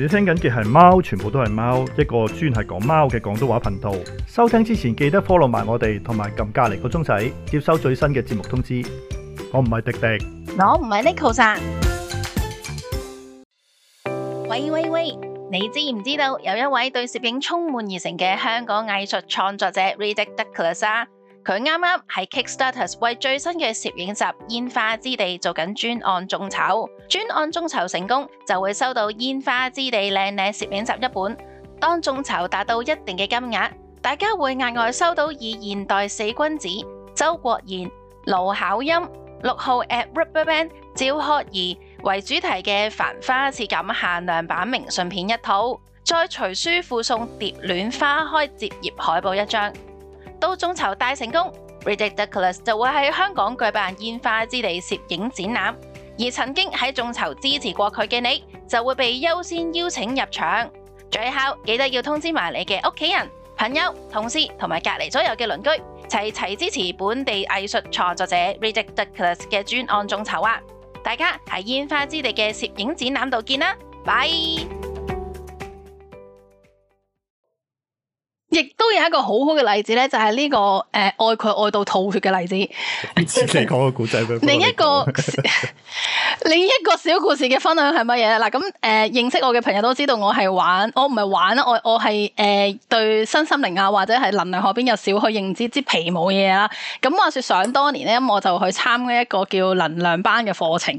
你聽緊嘅係貓，全部都係貓，一個專係講貓嘅廣東話頻道。收聽之前記得 follow 埋我哋，同埋撳隔籬個鐘仔，接收最新嘅節目通知。我唔係迪迪，我唔係 Neko。喂喂喂，你知唔知道有一位對攝影充滿熱誠嘅香港藝術創作者 Richard Douglas 啊？佢啱啱喺 Kickstarters 為最新嘅攝影集《煙花之地》做緊專案眾籌，專案眾籌成功就會收到《煙花之地》靚靚攝影集一本。當眾籌達到一定嘅金額，大家會額外收到以現代四君子周國賢、盧巧音、六號、app Rubberband、趙學而為主題嘅繁花似錦限量版明信片一套，再隨書附送蝶《蝶戀花開》摺頁海報一張。到眾籌大成功 Ridiculous，就會喺香港舉辦煙花之地攝影展覽，而曾經喺眾籌支持過佢嘅你，就會被優先邀請入場。最後記得要通知埋你嘅屋企人、朋友、同事同埋隔籬左右嘅鄰居，齊齊支持本地藝術創作者 Ridiculous 嘅專案眾籌啊！大家喺煙花之地嘅攝影展覽度見啦，拜！亦都有一個好好嘅例子咧，就係、是、呢個誒愛佢愛到吐血嘅例子。你講個古仔俾我。另一個另一個小故事嘅分享係乜嘢？嗱咁誒，認識我嘅朋友都知道我係玩，我唔係玩，我我係誒對身心靈啊或者係能量學邊有少許認知之皮毛嘢啦。咁話說想當年咧，我就去參加一個叫能量班嘅課程。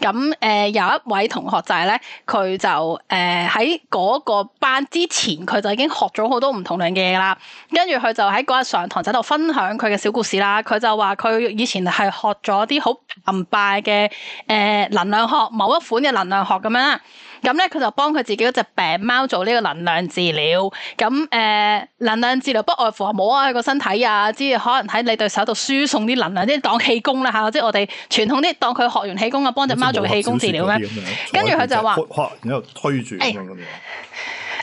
咁誒、呃、有一位同學就係、是、咧，佢就誒喺嗰個班之前，佢就已經學咗好多唔同嘅。嘅啦，跟住佢就喺嗰日上堂仔度分享佢嘅小故事啦。佢就話佢以前係學咗啲好崇拜嘅誒能量學，某一款嘅能量學咁樣啦。咁咧佢就幫佢自己嗰隻病貓做呢個能量治療。咁誒、呃、能量治療，不外乎話冇啊佢個身體啊，即係可能喺你對手度輸送啲能量，即係當氣功啦吓。即係我哋傳統啲，當佢學完氣功啊，幫隻貓做氣功治療咩？跟住佢就話，然後推住。哎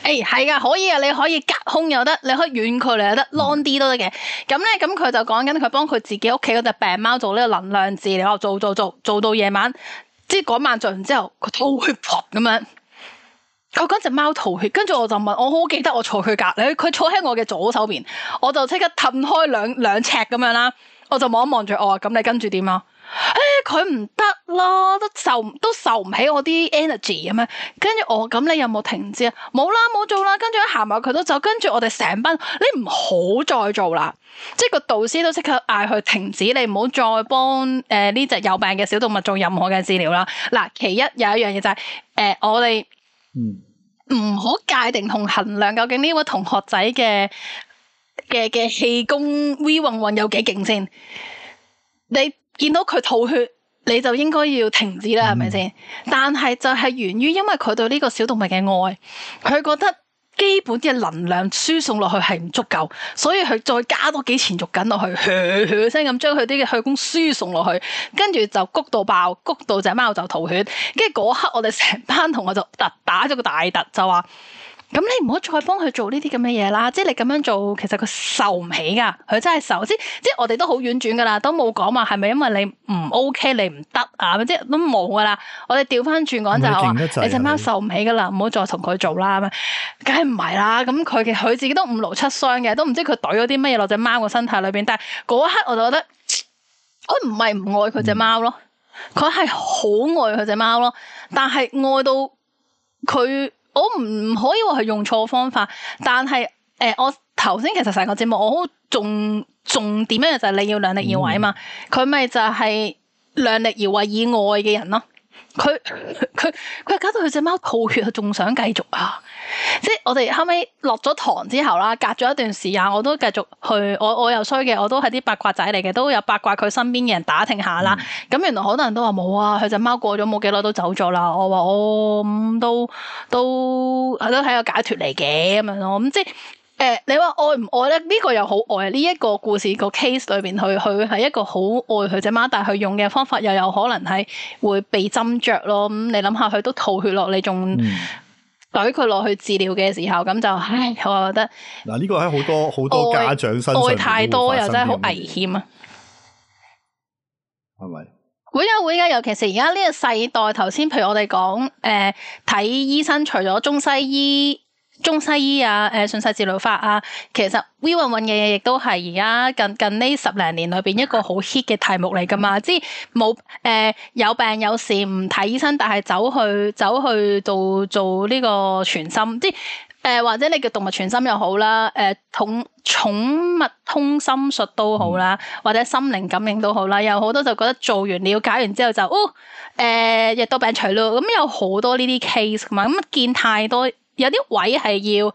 誒，係噶，哎，可以啊，你可以隔空又得，你可以遠距離又得，long 啲都得嘅。咁咧，咁佢就講緊佢幫佢自己屋企嗰隻病貓做呢個能量治療，做做做，做到夜晚，即係嗰晚做完之後，佢吐血咁樣。佢講隻貓吐血，跟住，那個，我就問，我好記得我坐佢隔籬，佢坐喺我嘅左手邊，我就即刻褪開兩兩尺咁樣啦，我就望一望住我，咁你跟住點啊？誒，佢唔得咯，都受都受唔起我啲 energy 咁樣。跟住我，咁你有冇停止啊？冇啦，冇做啦。跟住行埋佢都走。跟住我哋成班，你唔好再做啦。即係個導師都即刻嗌佢停止，你唔好再幫誒呢隻有病嘅小動物做任何嘅治療啦。嗱，其一有一樣嘢就係、是、誒、呃，我哋唔好界定同衡量究竟呢位同學仔嘅嘅嘅氣功 v 運運有幾勁先，你。見到佢吐血，你就應該要停止啦，係咪先？嗯、但係就係源於因為佢對呢個小動物嘅愛，佢覺得基本啲嘅能量輸送落去係唔足夠，所以佢再加多幾錢肉緊落去，嘘聲咁將佢啲嘅血供輸送落去，跟住就谷到爆，谷到隻貓就吐血。跟住嗰刻，我哋成班同學就突打咗個大突，就話。咁你唔好再幫佢做呢啲咁嘅嘢啦，即係你咁樣做，其實佢受唔起噶，佢真係受先，即係我哋都好婉轉噶啦，都冇講話係咪因為你唔 OK，你唔得啊，即係都冇噶啦。我哋調翻轉講就係話，你隻貓受唔起噶啦，唔好再同佢做啦。咁梗係唔係啦。咁佢嘅佢自己都五勞七傷嘅，都唔知佢懟咗啲乜嘢落隻貓個身體裏邊。但係嗰一刻我就覺得，佢唔係唔愛佢隻貓咯，佢係好愛佢隻貓咯，但係愛到佢。我唔可以話佢用錯方法，但係誒、呃，我頭先其實成個節目，我好重重點一樣就係你要量力而為啊嘛，佢咪、嗯、就係量力而為以外嘅人咯。佢佢佢搞到佢隻貓吐血，仲想繼續啊！啊即係我哋後尾落咗堂之後啦，隔咗一段時間，我都繼續去，我我又衰嘅，我都係啲八卦仔嚟嘅，都有八卦佢身邊嘅人打聽下啦。咁、嗯、原來好多人都話冇啊，佢隻貓過咗冇幾耐都走咗啦。我話我都都都一個解脫嚟嘅咁樣咯，咁即係。誒，你話愛唔愛咧？呢、這個又好愛呢一、這個故事個 case 裏邊，佢佢係一個好愛佢隻貓，但係佢用嘅方法又有可能係會被斟酌咯。咁、嗯、你諗下，佢都吐血落，你仲懟佢落去治療嘅時候，咁、嗯、就唉，我覺得嗱，呢個喺好多好多家長身上都愛太多又真係好危險啊！係咪、啊？是是會啊會啊！尤其是而家呢個世代，頭先譬如我哋講，誒、呃、睇醫生，除咗中西醫。中西醫啊，誒信勢治療法啊，其實 We 揾揾嘅嘢亦都係而家近近呢十零年裏邊一個好 hit 嘅題目嚟噶嘛，即係冇誒有病有事唔睇醫生，但係走去走去做做呢個全心，即係誒、呃、或者你嘅動物全心又好啦，誒、呃、寵寵物通心術都好啦，或者心靈感應都好啦，有好多就覺得做完了解完，完之後就哦誒藥到病除咯，咁有好多呢啲 case 噶嘛，咁見太多。有啲位係要誒、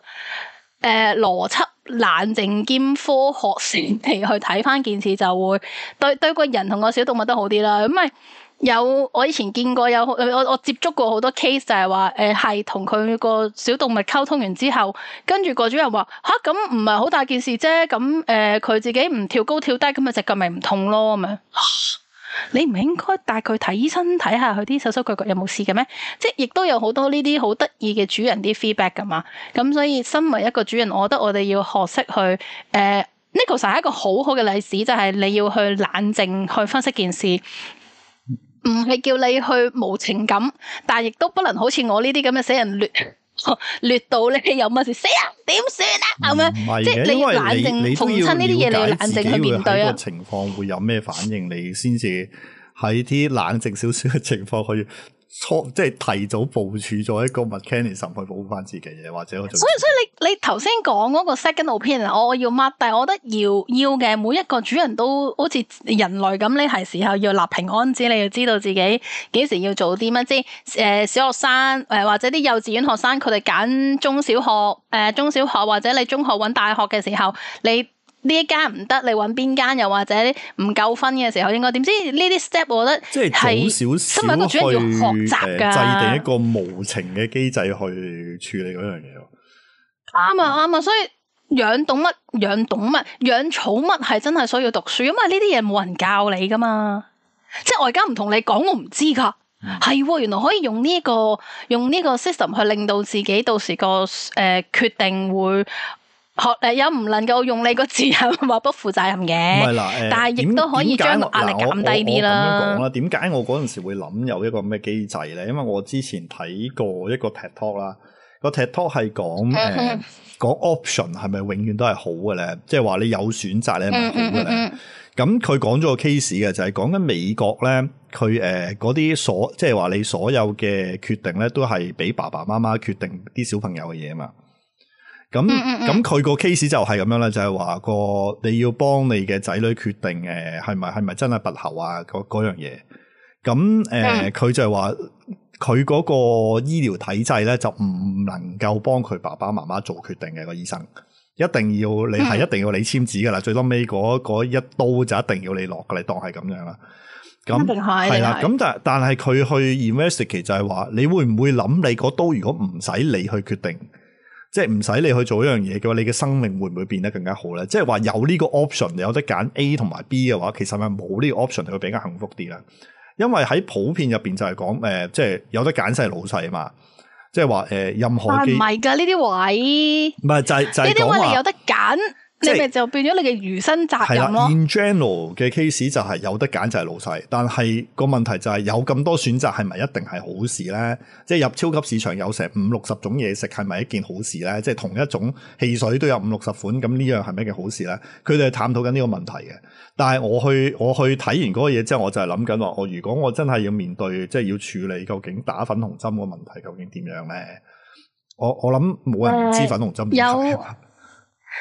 呃、邏輯冷靜兼科學性地去睇翻件事，就會對對個人同個小動物都好啲啦。咁咪有我以前見過有我我接觸過好多 case，就係話誒係同佢個小動物溝通完之後，跟住個主人話吓，咁唔係好大件事啫，咁誒佢自己唔跳高跳低咁咪隻腳咪唔痛咯咁樣。 你唔應該帶佢睇醫生，睇下佢啲手手腳腳有冇事嘅咩？即係亦都有好多呢啲好得意嘅主人啲 feedback 噶嘛。咁所以身為一個主人，我覺得我哋要學識去誒、呃、Neko 係一個好好嘅例子，就係、是、你要去冷靜去分析件事，唔係叫你去無情感，但亦都不能好似我呢啲咁嘅死人劣。哦、劣到咧，有乜事？死啊？點算啊？咁樣，即係你要冷靜，你痛親呢啲嘢你要冷靜去面對啊！情況會有咩反應？嗯、你先至喺啲冷靜少少嘅情況去。初即係提早部署咗一個 mechanism 去保護翻自己嘅， 或者所以所以你你頭先講嗰個 second opinion，我我要 mark 但係我覺得要要嘅每一個主人都好似人類咁，你係時候要立平安紙，你要知道自己幾時要做啲乜，即係誒小學生誒或者啲幼稚園學生，佢哋揀中小學誒、呃、中小學或者你中學揾大學嘅時候，你。呢一間唔得，你揾邊間又？又或者唔夠分嘅時候，應該知點知？呢啲 step，我覺得係，今日個主要要學習㗎，制定一個無情嘅機制去處理嗰樣嘢。啱啊啱啊！所以養動物、養動物、養寵物係真係需要讀書，因為呢啲嘢冇人教你㗎嘛。即係我而家唔同你講，我唔知㗎。係喎、嗯，原來可以用呢、呢個用呢個 system 去令到自己到時個誒、呃、決定會。學誒，有唔能夠用你個字啊，話不負責任嘅。唔係啦，誒、欸，但係亦都可以將壓力減低啲啦。點解我嗰陣時會諗有一個咁嘅機制咧？因為我之前睇過一個踢拖啦，個踢拖係講誒，講、欸、option 係咪永遠都係好嘅咧？即係話你有選擇咧，唔好嘅咧。咁佢講咗個 case 嘅，就係講緊美國咧，佢誒嗰啲所，即係話你所有嘅決定咧，都係俾爸爸媽媽決定啲小朋友嘅嘢嘛。咁咁佢個 case 就係咁樣啦，就係話個你要幫你嘅仔女決定誒，係咪係咪真係拔喉啊？嗰嗰樣嘢，咁誒，佢、呃嗯、就係話佢嗰個醫療體制咧，就唔能夠幫佢爸爸媽媽做決定嘅。嗰個醫生一定要你係一定要你簽紙噶啦，嗯、最屘尾嗰一刀就一定要你落噶，你當係咁樣定啦。咁係啦，咁但但係佢去 investigate 就係話，你會唔會諗你嗰刀如果唔使你去決定？即係唔使你去做一樣嘢嘅話，你嘅生命會唔會變得更加好咧？即係話有呢個 option 你有得揀 A 同埋 B 嘅話，其實咪冇呢個 option，係會比較幸福啲啦。因為喺普遍入邊就係講誒，即係有得揀晒老細嘛。即係話誒，任何唔係噶呢啲位，唔係就係、就係、呢啲位，你有得揀。即係就變咗你嘅餘生責任咯。In general 嘅 case 就係有得揀就係老細，但係個問題就係有咁多選擇係咪一定係好事咧？即係入超級市場有成五六十種嘢食係咪一件好事咧？即係同一種汽水都有五六十款，咁呢樣係咩嘅好事咧？佢哋探討緊呢個問題嘅，但係我去我去睇完嗰個嘢之後，我就係諗緊話：我如果我真係要面對，即係要處理，究竟打粉紅針個問題究竟點樣咧？我我諗冇人知粉紅針點解。有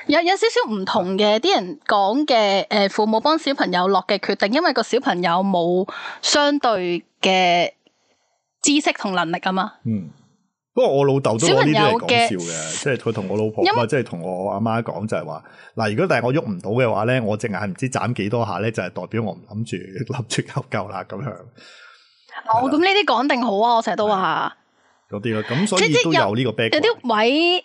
有有少少唔同嘅，啲人講嘅，誒，父母幫小朋友落嘅決定，因為個小朋友冇相對嘅知識同能力啊嘛。嗯，不過我老豆都攞呢啲嚟講笑嘅，即係佢同我老婆啊，為即係同我阿媽講就係話，嗱，如果但係我喐唔到嘅話咧，我隻眼唔知眨幾多下咧，就係代表我唔諗住立即求救啦咁樣。哦，咁呢啲講定好啊，我成日都話。啲咁所以都有呢個 background。有啲位。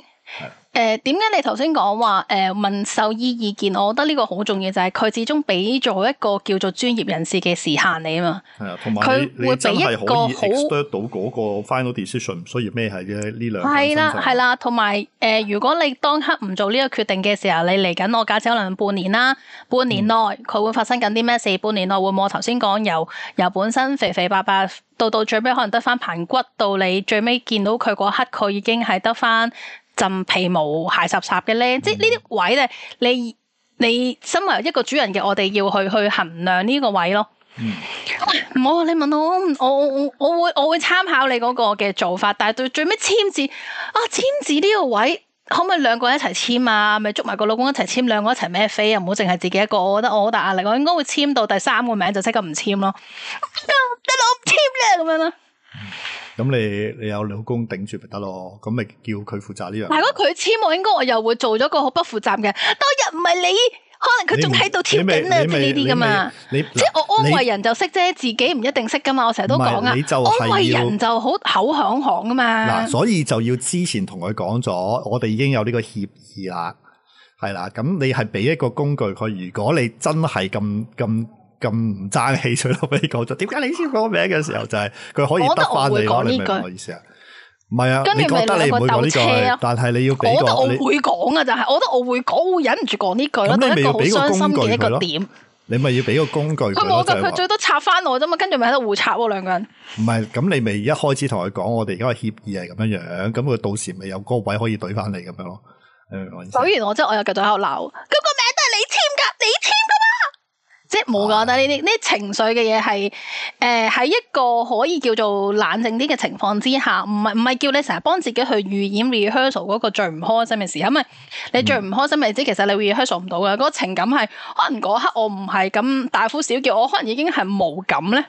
誒，點解、uh, 你頭先講話誒問獸醫意，意見？我覺得呢個好重要，就係、是、佢始終俾咗一個叫做專業人士嘅時限你啊嘛。係啊，同埋你會俾一個好 expert 到嗰個 final decision，所以咩係嘅？呢兩係啦係啦，同埋誒，如果你當刻唔做呢個決定嘅時候，你嚟緊我假設可能半年啦，半年內佢會發生緊啲咩事？嗯、半年內會唔會，我頭先講由由本身肥肥白白，白到到最尾可能得翻棚骨，到你最尾見到佢嗰刻，佢已經係得翻浸皮毛鞋濕濕嘅咧，即係呢啲位咧，你你身為一個主人嘅，我哋要去去衡量呢個位咯。嗯，唔好、啊、你問我，我我我會我會參考你嗰個嘅做法，但係到最尾簽字啊，簽字呢個位可唔可以兩個人一齊簽啊？咪捉埋個老公一齊簽，兩個一齊孭飛啊？唔好淨係自己一個，我覺得我好大壓力，我應該會簽到第三個名就即刻唔簽咯。啊、得我唔簽咧，咁樣咯。嗯咁你你有老公頂住咪得咯？咁咪叫佢負責呢樣。但係如果佢簽，我應該我又會做咗個好不負責嘅。當日唔係你，可能佢仲喺度貼緊啊呢啲噶嘛。你，你即係我安慰人就識啫，你自己唔一定識噶嘛。我成日都講啊，你就安慰人就好口響響噶嘛。嗱、啊，所以就要之前同佢講咗，我哋已經有呢個協議啦，係啦。咁你係俾一個工具佢，如果你真係咁咁。咁唔爭氣，所以都落俾你講咗。點解你簽個名嘅時候就係、是、佢可以得翻你？我我會講呢句。你明唔明我意思啊？唔係啊，跟住你覺得你唔會講呢句？但係你要俾個，我覺得我會講啊，就係你我覺得我會講，我會，我會忍唔住講呢句咯。咁你咪要俾個工具一個點？你咪要俾個工具佢。我覺得佢最多插翻我啫嘛，跟住咪喺度互插喎，兩個人。唔係，咁你咪一開始同佢講，我哋而家協議係咁樣樣，咁佢到時咪有個位可以懟翻你咁樣咯。你明唔明我意思？懟完我之後，我又繼續喺度鬧，佢個名都係你簽噶，你簽。冇覺得，但呢啲呢情緒嘅嘢係，誒、呃、喺一個可以叫做冷靜啲嘅情況之下，唔係唔係叫你成日幫自己去預演 rehearsal 嗰個最唔開心嘅時，因為你最唔開心嘅，即係其實你 rehearsal 唔到噶，嗰、嗰個情感係可能嗰刻我唔係咁大呼小叫，我可能已經係無感咧。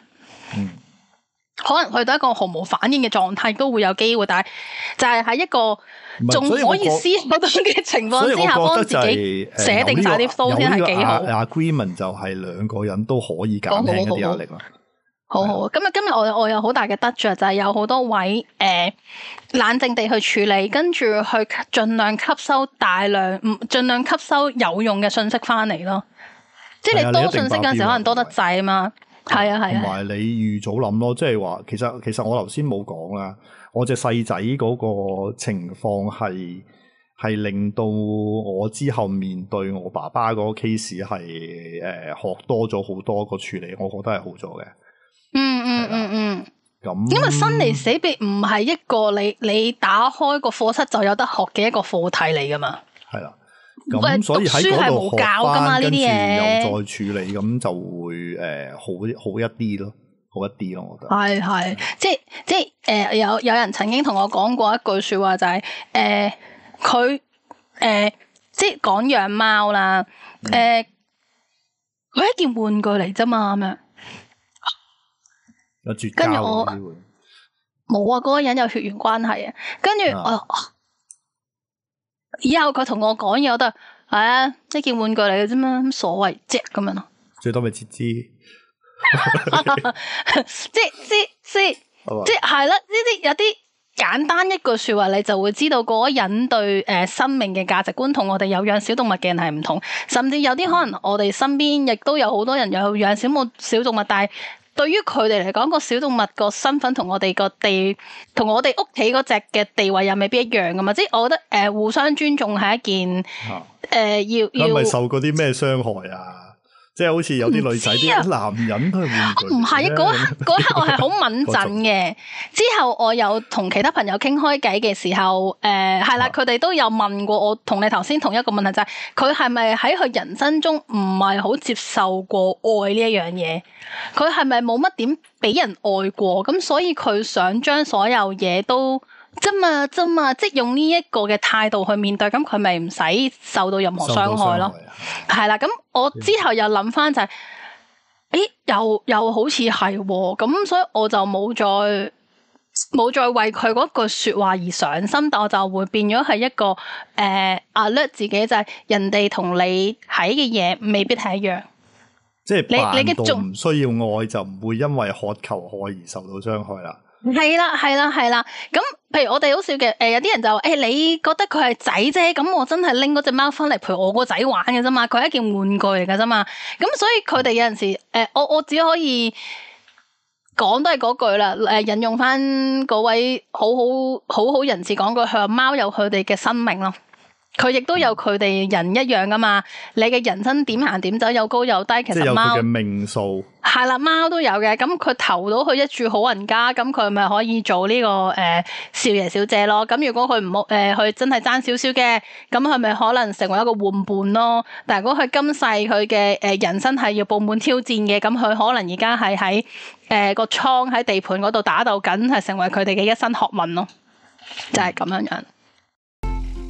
嗯可能去到一個毫無反應嘅狀態都會有機會，但係就係喺一個仲可以思考到嘅情況之下，幫自己寫定晒啲收先係幾好。Agreement 就係兩個人都可以減輕一啲壓力。好好，今日今日我我有好大嘅得着，就係、是、有好多位誒、呃、冷靜地去處理，跟住去盡量吸收大量，盡量吸收有用嘅信息翻嚟咯。即係你多信息嗰陣時，可能多得滯啊嘛。 係啊係，同埋、啊、你預早諗咯，即係話其實其實我頭先冇講啦，我隻細仔嗰個情況係係令到我之後面對我爸爸嗰個 case 係誒、呃、學多咗好多個處理，我覺得係好咗嘅、嗯。嗯嗯嗯、啊、嗯，咁因為生離死別唔係一個你你打開個課室就有得學嘅一個課題嚟㗎嘛。咁所以喺嗰度學翻，書係冇教㗎嘛，跟住又再處理，呢啲嘢，咁就會誒、呃，好好一啲咯，好一啲咯。我覺得係係，即係即係誒、呃，有有人曾經同我講過一句說話、就是，就係誒，佢誒、呃，即係講養貓啦，誒、呃，佢一件玩具嚟啫嘛，咁樣。有絕交嘅機會。跟住我，冇啊，嗰、嗰個人有血緣關係啊。跟住我。以後佢同我講嘢我都係啊，一件玩具嚟嘅啫嘛，所謂啫咁樣咯。最多咪截肢」， 「 吧即係即係即係係啦，呢啲有啲簡單一句說話，你就會知道嗰個人對誒生命嘅價值觀同我哋有養小動物嘅人係唔同，甚至有啲可能我哋身邊亦都有好多人有養小物小動物，但係。對於佢哋嚟講，個小動物個身份同我哋個地，同我哋屋企嗰隻嘅地位又未必一樣㗎嘛。即係我覺得誒、呃、互相尊重係一件誒要、呃、要。佢係咪受過啲咩傷害啊？即係好似有啲女仔，啲、啊、男人佢面對。唔係嗰刻，嗰個、刻我係好敏準嘅。 重之後我有同其他朋友傾開偈嘅時候，誒、呃、係啦，佢哋、啊、都有問過我，同你頭先同一個問題、就係，就係佢係咪喺佢人生中唔係好接受過愛呢一樣嘢？佢係咪冇乜點俾人愛過？咁所以佢想將所有嘢都。啫嘛，啫嘛、嗯嗯，即係用呢一個嘅態度去面對，咁佢咪唔使受到任何傷害咯。係啦、啊，咁我之後又諗翻就係、是，誒，又又好似係、哦，咁所以我就冇再冇再為佢嗰句說話而上心，但我就會變咗係一個誒 alert 自己，就係、是、人哋同你睇嘅嘢未必係一樣。即係是你你嘅唔需要愛就唔會因為渴求愛而受到傷害啦。係啦，係啦，係啦。咁，譬如我哋好少嘅，誒、呃，有啲人就誒、欸，你覺得佢係仔啫？咁我真係拎嗰隻貓翻嚟陪我個仔玩嘅啫嘛，佢係一件玩具嚟嘅啫嘛。咁所以佢哋有陣時，誒、呃，我我只可以講都係嗰句啦。誒、呃，引用翻嗰位好好好好人士講句，佢話貓有佢哋嘅生命咯。佢亦都有佢哋人一樣㗎嘛，你嘅人生點行點走，走有高有低，其實貓嘅命數係啦，貓都有嘅。咁佢投到去一處好人家，咁佢咪可以做呢、這個誒、呃、少爺小姐咯。咁如果佢唔好誒，佢、呃、真係爭少少嘅，咁佢咪可能成為一個玩伴咯。但係如果佢今世佢嘅誒人生係要佈滿挑戰嘅，咁佢可能而家係喺誒個倉喺地盤嗰度打鬥緊，係成為佢哋嘅一身學問咯，就係咁樣樣。嗯。